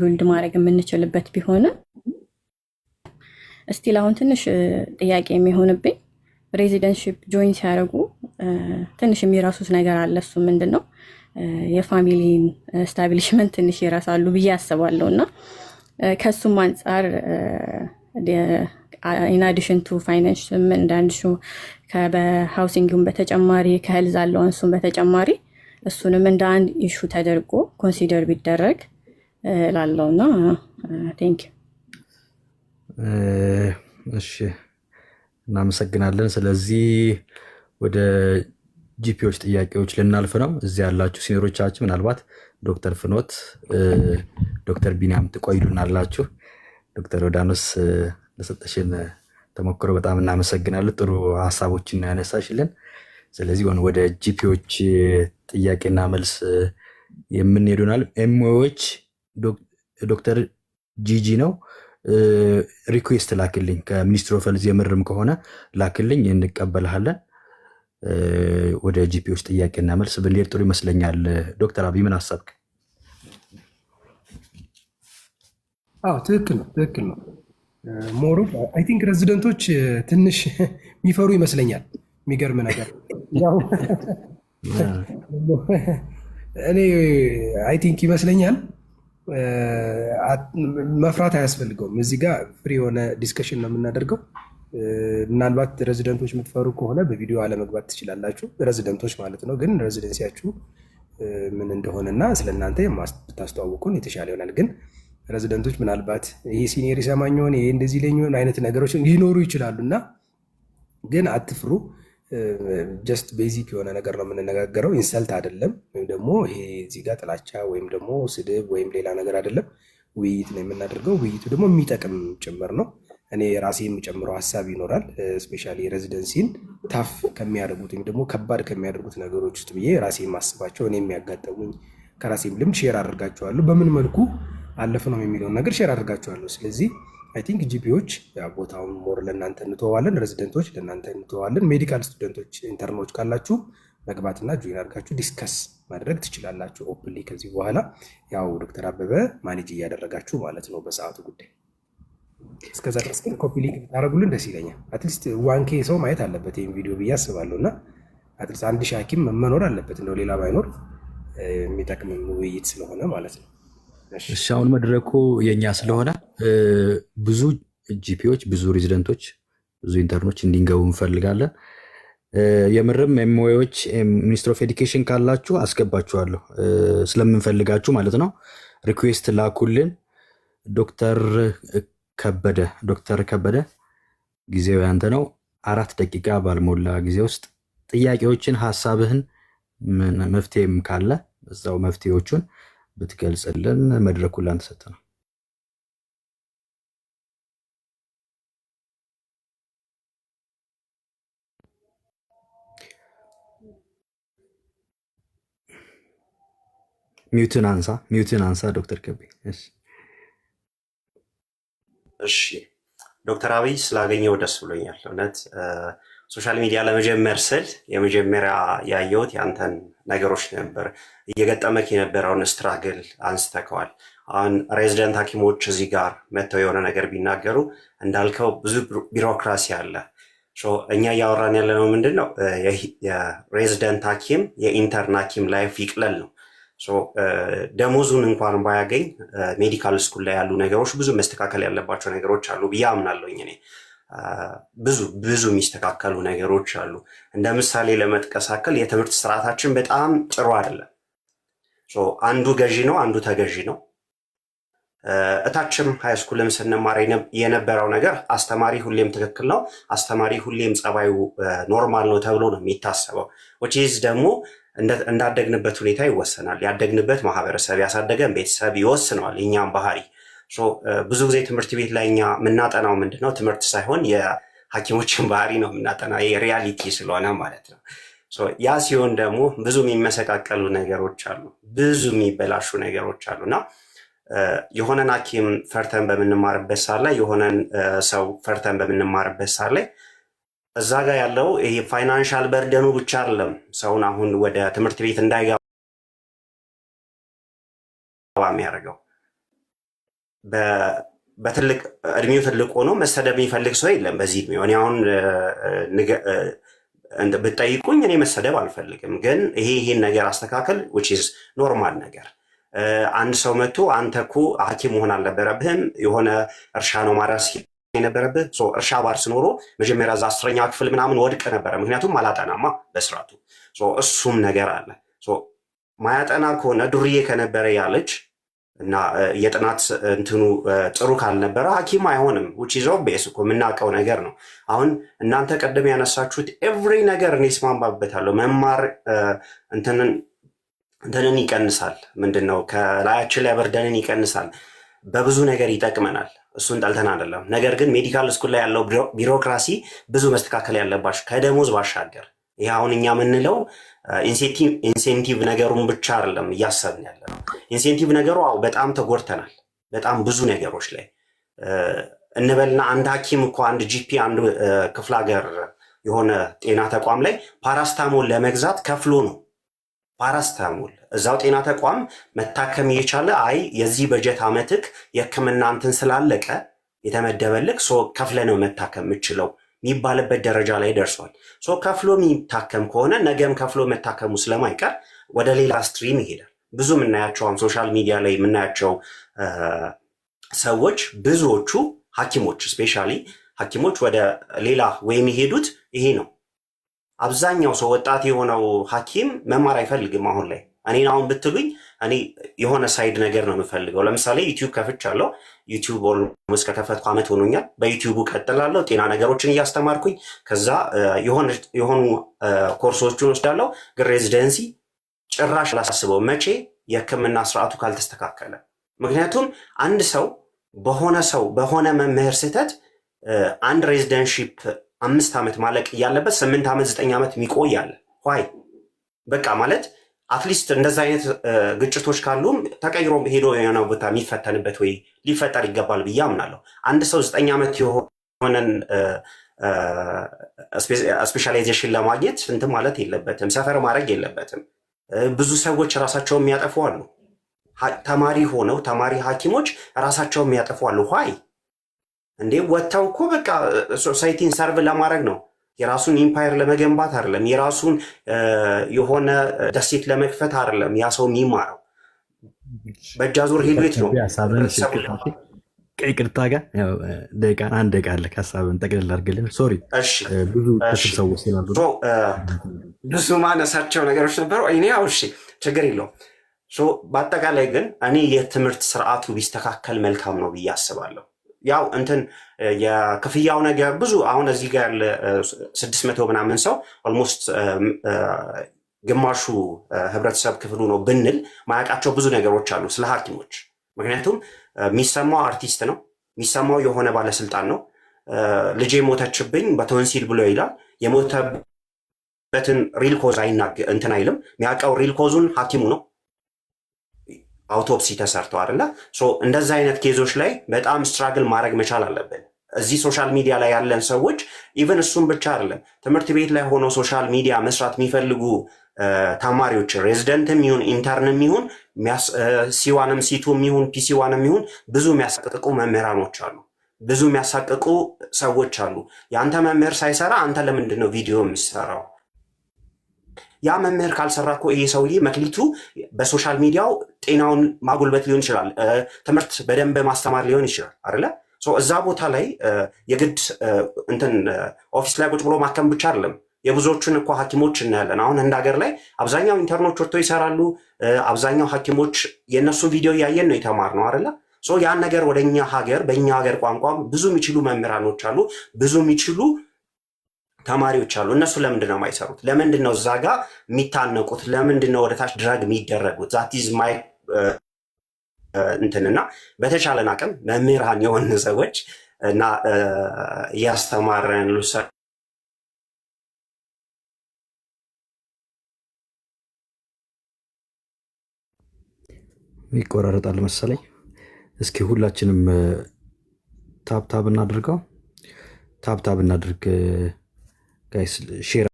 ቢውልድ ማድረግ የምንችልበት ቢሆንም እስቲል አሁን ትንሽ ጥያቄ የሚሆንብኝ ሬዚደንትሺፕ ጆይን ሲያደርጉ ትንሽ የሚረሱት ነገር አለ። እሱ ምንድን ነው? የፋሚሊን ስታብሊሽመንት ትንሽ ይረሳሉ ብዬ አስባለሁ። እና ከእሱም አንጻር ኢንአዲሽን ቱ ፋይናንስም እንዳንሹ በሃውሲንግም በተጨማሪ ከህልዝ አለዋንሱም በተጨማሪ እሱንም እንደ አንድ ኢሹ ተደርጎ ኮንሲደር ቢደረግ ላለው እና ቴንክ እሺ፣ እናመሰግናለን። ስለዚህ ወደ ጂፒዎች ጥያቄዎች ልናልፍ ነው። እዚህ ያላችሁ ሲኒሮቻችን ምናልባት ዶክተር ፍኖት፣ ዶክተር ቢኒያም ትቆይሉናላችሁ። ዶክተር ዮዳኖስ ለሰጠሽን ተሞክሮ በጣም እናመሰግናለን። ጥሩ ሀሳቦችን ያነሳሽልን። ስለዚህ ወደ ጂፒዎች ጥያቄና መልስ የምንሄዱናል ኤምዎች ዶክተር ጂጂ ነው። ሪኩዌስት ላክልኝ ከሚኒስትር ፈልዝ የምርም ከሆነ ላክልኝ፣ እንቀበልሃለን። ወደ ጂፒዎች ጥያቄና መልስ ብንሄድ ጥሩ ይመስለኛል። ዶክተር አብይ ምን አሰብክ? ትክክል ነው፣ ትክክል ነው። ሞሮ አይ ቲንክ ሬዚደንቶች ትንሽ የሚፈሩ ይመስለኛል። የሚገርም ነገር እኔ አይ ቲንክ ይመስለኛል መፍራት አያስፈልገውም። እዚህ ጋር ፍሪ የሆነ ዲስከሽን ነው የምናደርገው። ምናልባት ሬዚደንቶች የምትፈሩ ከሆነ በቪዲዮ አለመግባት ትችላላችሁ። ሬዚደንቶች ማለት ነው። ግን ሬዚደንሲያችሁ ምን እንደሆነና ስለ እናንተ ብታስተዋውቁን የተሻለ ይሆናል። ግን ሬዚደንቶች ምናልባት ይሄ ሲኒየር ይሰማኝ ሆን ይሄ እንደዚህ ለኝ ሆን አይነት ነገሮች ሊኖሩ ይችላሉ እና ግን አትፍሩ። ጀስት ቤዚክ የሆነ ነገር ነው የምንነጋገረው። ኢንሰልት አይደለም፣ ወይም ደግሞ ይሄ እዚህ ጋር ጥላቻ ወይም ደግሞ ስድብ ወይም ሌላ ነገር አይደለም። ውይይት ነው የምናደርገው። ውይይቱ ደግሞ የሚጠቅም ጭምር ነው። እኔ ራሴ የሚጨምረው ሀሳብ ይኖራል። ስፔሻሊ ሬዚደንሲን ታፍ ከሚያደርጉት ወይም ደግሞ ከባድ ከሚያደርጉት ነገሮች ውስጥ ብዬ ራሴ የማስባቸው እኔ የሚያጋጠሙኝ ከራሴም ልምድ ሼር አድርጋችኋለሁ። በምን መልኩ አለፍ ነው የሚለውን ነገር ሼር አድርጋቸዋለሁ። ስለዚህ አይ ቲንክ ጂፒዎች ቦታውን ሞር ለእናንተ እንተዋለን፣ ሬዚደንቶች ለእናንተ እንተዋለን። ሜዲካል ስቱደንቶች ኢንተርኖች ካላችሁ መግባትና ጆይን አድርጋችሁ ዲስከስ ማድረግ ትችላላችሁ ኦፕንሊ። ከዚህ በኋላ ያው ዶክተር አበበ ማኔጅ እያደረጋችሁ ማለት ነው በሰዓቱ ጉዳይ። እስከዛ ድረስ ግን ኮፒ ሊንክ ብታደረጉልን ደስ ይለኛል። አትሊስት ዋንኬ ሰው ማየት አለበት ይህም ቪዲዮ ብዬ አስባለሁ እና አትሊስት አንድ ሺህ ሐኪም መኖር አለበት እንደው ሌላ ባይኖር የሚጠቅም ውይይት ስለሆነ ማለት ነው። እሺ አሁን መድረኩ የእኛ ስለሆነ ብዙ ጂፒዎች፣ ብዙ ሬዚደንቶች፣ ብዙ ኢንተርኖች እንዲንገቡ እንፈልጋለን። የምርም ኤምዌዎች ሚኒስትር ኦፍ ኤዲኬሽን ካላችሁ አስገባችኋለሁ፣ ስለምንፈልጋችሁ ማለት ነው። ሪኩዌስት ላኩልን። ዶክተር ከበደ ዶክተር ከበደ ጊዜው ያንተ ነው። አራት ደቂቃ ባልሞላ ጊዜ ውስጥ ጥያቄዎችን፣ ሀሳብህን መፍትሄም ካለ እዛው መፍትሄዎቹን ብትገልጽልን መድረኩ ላንተ ነው። ሚውትን አንሳ፣ ሚውትን አንሳ። ዶክተር ከቢ እሺ፣ ዶክተር አብይ ስላገኘው ደስ ብሎኛል። እውነት ሶሻል ሚዲያ ለመጀመር ስል የመጀመሪያ ያየሁት የአንተን ነገሮች ነበር። እየገጠመክ የነበረውን ስትራግል አንስተከዋል። አሁን ሬዚደንት ሀኪሞች እዚህ ጋር መጥተው የሆነ ነገር ቢናገሩ እንዳልከው ብዙ ቢሮክራሲ አለ። እኛ እያወራን ያለነው ምንድን ነው? የሬዚደንት ሀኪም የኢንተርን ሀኪም ላይፍ ይቅለል ነው ደሞዙን እንኳን ባያገኝ ሜዲካል ስኩል ላይ ያሉ ነገሮች ብዙ መስተካከል ያለባቸው ነገሮች አሉ ብዬ አምናለሁኝ። እኔ ብዙ ብዙ የሚስተካከሉ ነገሮች አሉ። እንደ ምሳሌ ለመጥቀስ አክል የትምህርት ስርዓታችን በጣም ጥሩ አይደለም። አንዱ ገዢ ነው፣ አንዱ ተገዢ ነው። እታችም ሃይስኩልም ስንማር የነበረው ነገር አስተማሪ ሁሌም ትክክል ነው፣ አስተማሪ ሁሌም ጸባዩ ኖርማል ነው ተብሎ ነው የሚታሰበው ዊች ደግሞ እንዳደግንበት ሁኔታ ይወሰናል። ያደግንበት ማህበረሰብ ያሳደገን ቤተሰብ ይወስነዋል እኛም ባህሪ። ብዙ ጊዜ ትምህርት ቤት ላይ እኛ የምናጠናው ምንድነው ትምህርት ሳይሆን የሐኪሞችን ባህሪ ነው የምናጠና የሪያሊቲ ስለሆነ ማለት ነው። ያ ሲሆን ደግሞ ብዙ የሚመሰቃቀሉ ነገሮች አሉ፣ ብዙ የሚበላሹ ነገሮች አሉ እና የሆነን ሐኪም ፈርተን በምንማርበት ሳ ላይ የሆነን ሰው ፈርተን በምንማርበት ሳ ላይ እዛ ጋር ያለው ይሄ ፋይናንሻል በርደኑ ብቻ አይደለም ሰውን አሁን ወደ ትምህርት ቤት እንዳይገባ የሚያደርገው። በትልቅ እድሜው ትልቅ ሆኖ መሰደብ የሚፈልግ ሰው የለም። በዚህ እድሜው እኔ አሁን ብጠይቁኝ እኔ መሰደብ አልፈልግም፣ ግን ይሄ ይሄን ነገር አስተካከል ዊች ኢዝ ኖርማል ነገር አንድ ሰው መጥቶ አንተ እኮ ሐኪም መሆን አልነበረብህም የሆነ እርሻ ነው ማረስ የነበረብህ እርሻ ባርስ ኖሮ መጀመሪያ እዛ አስረኛ ክፍል ምናምን ወድቅ ነበረ። ምክንያቱም አላጠናማ በስርዓቱ እሱም ነገር አለ። ማያጠና ከሆነ ዱርዬ ከነበረ ያለች እና የጥናት እንትኑ ጥሩ ካልነበረ ሐኪም አይሆንም። ውጭ ይዘው ቤስ እኮ የምናውቀው ነገር ነው። አሁን እናንተ ቀደም ያነሳችሁት ኤቭሪ ነገር እኔ እስማማበታለሁ። መማር እንትንን ይቀንሳል። ምንድን ነው ከላያችን ላይ በርደንን ይቀንሳል። በብዙ ነገር ይጠቅመናል። እሱን ጠልተን አይደለም። ነገር ግን ሜዲካል ስኩል ላይ ያለው ቢሮክራሲ ብዙ መስተካከል ያለባቸው ከደሞዝ ባሻገር ይህ አሁን እኛ የምንለው ኢንሴንቲቭ ነገሩን ብቻ አይደለም እያሰብን ያለ ነው። ኢንሴንቲቭ ነገሩ አዎ በጣም ተጎድተናል። በጣም ብዙ ነገሮች ላይ እንበልና አንድ ሐኪም እኮ አንድ ጂፒ አንድ ክፍለ ሀገር የሆነ ጤና ተቋም ላይ ፓራስታሞል ለመግዛት ከፍሎ ነው ፓራስታሞል እዛው ጤና ተቋም መታከም እየቻለ አይ የዚህ በጀት አመትክ የሕክምና እንትን ስላለቀ የተመደበልክ ሶ ከፍለ ነው መታከም የምችለው የሚባልበት ደረጃ ላይ ደርሷል። ሶ ከፍሎ የሚታከም ከሆነ ነገም ከፍሎ መታከሙ ስለማይቀር ወደ ሌላ ስትሪም ይሄዳል። ብዙ የምናያቸውም ሶሻል ሚዲያ ላይ የምናያቸው ሰዎች ብዙዎቹ ሐኪሞች ስፔሻሊ ሐኪሞች ወደ ሌላ ወይ የሚሄዱት ይሄ ነው። አብዛኛው ሰው ወጣት የሆነው ሐኪም መማር አይፈልግም። አሁን ላይ እኔን አሁን ብትሉኝ እኔ የሆነ ሳይድ ነገር ነው የምፈልገው። ለምሳሌ ዩቲዩብ ከፍቻለሁ። ዩቲዩብ ኦልሞስት ከከፈትኩ ዓመት ሆኖኛል። በዩቲዩቡ ቀጥላለሁ፣ ጤና ነገሮችን እያስተማርኩኝ ከዛ የሆኑ ኮርሶችን ወስዳለሁ። ግን ሬዚደንሲ ጭራሽ ላሳስበው መቼ የህክምና ስርዓቱ ካልተስተካከለ። ምክንያቱም አንድ ሰው በሆነ ሰው በሆነ መምህር ስህተት አንድ ሬዚደንሺፕ አምስት ዓመት ማለቅ እያለበት ስምንት ዓመት ዘጠኝ ዓመት የሚቆይ አለ። ዋይ በቃ ማለት አትሊስት እንደዛ አይነት ግጭቶች ካሉም ተቀይሮ ሄዶ የሆነ ቦታ የሚፈተንበት ወይ ሊፈጠር ይገባል ብዬ አምናለሁ። አንድ ሰው ዘጠኝ ዓመት የሆነን ስፔሻላይዜሽን ለማግኘት ስንት ማለት የለበትም፣ ሰፈር ማድረግ የለበትም። ብዙ ሰዎች ራሳቸውን የሚያጠፉ አሉ። ተማሪ ሆነው ተማሪ ሐኪሞች ራሳቸውን የሚያጠፉ አሉ። ዋይ እንዴ ወጥተው እኮ በቃ ሶሳይቲን ሰርቭ ለማድረግ ነው። የራሱን ኢምፓየር ለመገንባት አይደለም። የራሱን የሆነ ደሴት ለመክፈት አይደለም። ያ ሰው የሚማረው በእጃ ዙር ሄዶት ነው። ቅርታ ጋር ደቂቃን አንድ ደቂቃ አለ። ሀሳብን ጠቅልል አድርግልን። ሶሪ ብዙ ሰዎች ብዙ ማነሳቸው ነገሮች ነበሩ። እኔ ያው እሺ ችግር የለው። በአጠቃላይ ግን እኔ የትምህርት ስርዓቱ ቢስተካከል መልካም ነው ብዬ አስባለሁ። ያው እንትን የክፍያው ነገር ብዙ አሁን እዚህ ጋር ያለ ስድስት መቶ ምናምን ሰው ኦልሞስት ግማሹ ህብረተሰብ ክፍሉ ነው ብንል ማያውቃቸው ብዙ ነገሮች አሉ ስለ ሐኪሞች። ምክንያቱም የሚሰማው አርቲስት ነው፣ የሚሰማው የሆነ ባለስልጣን ነው። ልጄ ሞተችብኝ በተወንሲል ብሎ ይላል። የሞተበትን ሪል ኮዝ አይናግ እንትን አይልም። የሚያውቀው ሪል ኮዙን ሐኪሙ ነው። አውቶፕሲ ተሰርቶ አይደለ? እንደዚ አይነት ኬዞች ላይ በጣም ስትራግል ማድረግ መቻል አለብን። እዚህ ሶሻል ሚዲያ ላይ ያለን ሰዎች ኢቨን እሱም ብቻ አይደለም፣ ትምህርት ቤት ላይ ሆኖ ሶሻል ሚዲያ መስራት የሚፈልጉ ተማሪዎች ሬዚደንትም ይሁን ኢንተርንም ይሁን ሲዋንም ሲቱም ይሁን ፒሲዋንም ይሁን ብዙ የሚያሳቅቁ መምህራኖች አሉ፣ ብዙ የሚያሳቅቁ ሰዎች አሉ። የአንተ መምህር ሳይሰራ አንተ ለምንድን ነው ቪዲዮ የምትሰራው? ያ መምህር ካልሰራ እኮ ይሄ ሰውዬ መክሊቱ በሶሻል ሚዲያው ጤናውን ማጎልበት ሊሆን ይችላል። ትምህርት በደንብ ማስተማር ሊሆን ይችላል አይደለ? እዛ ቦታ ላይ የግድ እንትን ኦፊስ ላይ ቁጭ ብሎ ማከም ብቻ አይደለም። የብዙዎቹን እኮ ሐኪሞች እናያለን። አሁን እንደ ሀገር ላይ አብዛኛው ኢንተርኖች ወጥቶ ይሰራሉ። አብዛኛው ሐኪሞች የእነሱ ቪዲዮ እያየን ነው የተማርነው አይደለ? ያን ነገር ወደ እኛ ሀገር በእኛ ሀገር ቋንቋ ብዙ የሚችሉ መምህራኖች አሉ፣ ብዙ የሚችሉ ተማሪዎች አሉ። እነሱ ለምንድን ነው የማይሰሩት? ለምንድን ነው እዛ ጋር የሚታነቁት? ለምንድን ነው ወደታች ድረግ የሚደረጉት? ዛት ኢዝ ማይ እንትንና በተቻለን አቅም መምህራን የሆን ሰዎች እና እያስተማረን ይቆራረጣል መሰለኝ። እስኪ ሁላችንም ታብታብ እናድርገው። ታብታብ እናድርግ ጋይስ ሼር